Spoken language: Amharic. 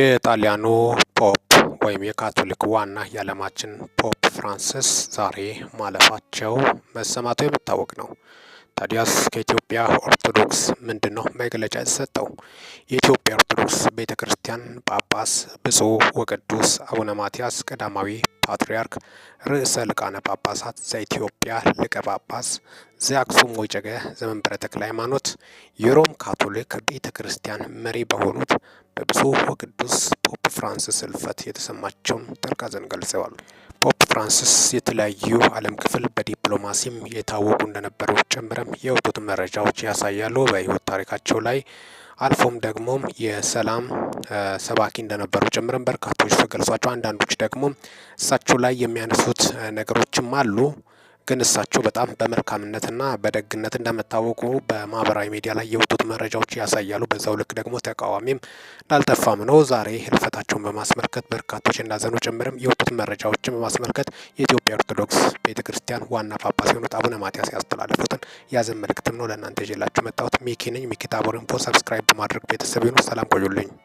የጣሊያኑ ፖፕ ወይም የካቶሊክ ዋና የዓለማችን ፖፕ ፍራንሲስ ዛሬ ማለፋቸው መሰማቱ የሚታወቅ ነው። ታዲያስ ከኢትዮጵያ ኦርቶዶክስ ምንድን ነው መግለጫ የተሰጠው? የኢትዮጵያ ኦርቶዶክስ ቤተ ክርስቲያን ጳጳስ ብፁዕ ወቅዱስ አቡነ ማትያስ ቀዳማዊ ፓትርያርክ ርዕሰ ሊቃነ ጳጳሳት ዘኢትዮጵያ ሊቀ ጳጳስ ዘአክሱም ወዕጨጌ ዘመንበረ ተክለ ሃይማኖት የሮም ካቶሊክ ቤተ ክርስቲያን መሪ በሆኑት በብፁዕ ወቅዱስ ፖፕ ፍራንሲስ ሕልፈት የተሰማቸውን ጥልቅ ሐዘን ገልጸዋል። ፖፕ ፍራንሲስ የተለያዩ ዓለም ክፍል በዲፕሎማሲም የታወቁ እንደነበሩ ጨምረም የወጡት መረጃዎች ያሳያሉ። በህይወት ታሪካቸው ላይ አልፎም ደግሞ የሰላም ሰባኪ እንደነበሩ ጭምርም በርካቶች ተገልጿቸው፣ አንዳንዶች ደግሞ እሳቸው ላይ የሚያነሱት ነገሮችም አሉ። ግን እሳቸው በጣም በመልካምነትና በደግነት እንደምታወቁ በማህበራዊ ሚዲያ ላይ የወጡት መረጃዎች ያሳያሉ። በዛው ልክ ደግሞ ተቃዋሚም እንዳልጠፋም ነው። ዛሬ ህልፈታቸውን በማስመልከት በርካቶች እንዳዘኑ ጭምርም የወጡት መረጃዎችን በማስመልከት የኢትዮጵያ ኦርቶዶክስ ቤተ ክርስቲያን ዋና ጳጳስ የሆኑት አቡነ ማትያስ ያስተላለፉትን ያዘን መልእክትም ነው ለእናንተ ይዤላችሁ መጣሁት። ሚኪ ነኝ። ሚኪ ኢንፎ። ሰብስክራይብ በማድረግ ቤተሰብ ይሁኑ። ሰላም ቆዩልኝ።